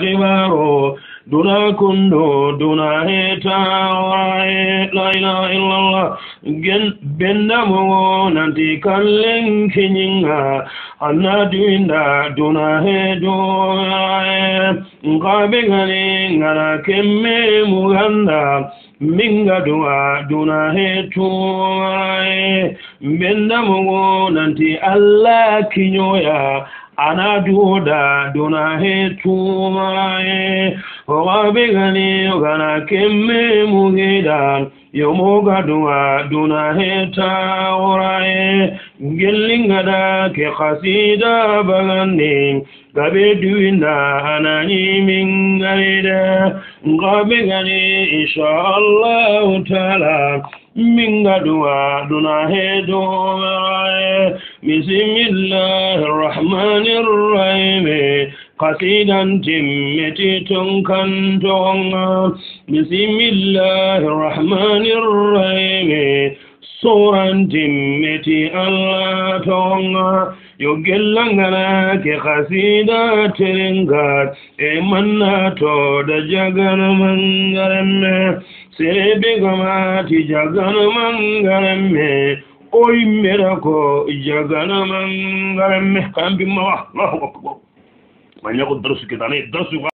khibaro duna kunno duna heta waye la ilaha illallah bendamo wo nanti kallen kiñinga anna duinda duna hedo waye ngaɓe ngani ngara kemme muganda minga duwa duna heto waye bendamo wo nanti allah kiñoya ana duda duna he tumae ogabegani ogana kemme mugeda yomogaduga duna he taorae gellingada ke kasida bagani gabe duwinda ananimingareda gabegani inshallahu taala min gaɗuwa ɗuna heedoɓeraye bisimillahi rahmani rrahime kasidan timmetiton kantoga bisimillahi rahmani rrahime soran timmeti allah toga yogellangana ke kasida teringat e manna to da jagan mangaremme sebe gama ti jagan mangaremme oy mera ko jagan mangaremme kambi mawa allahu akbar manya ko darsu kitane darsu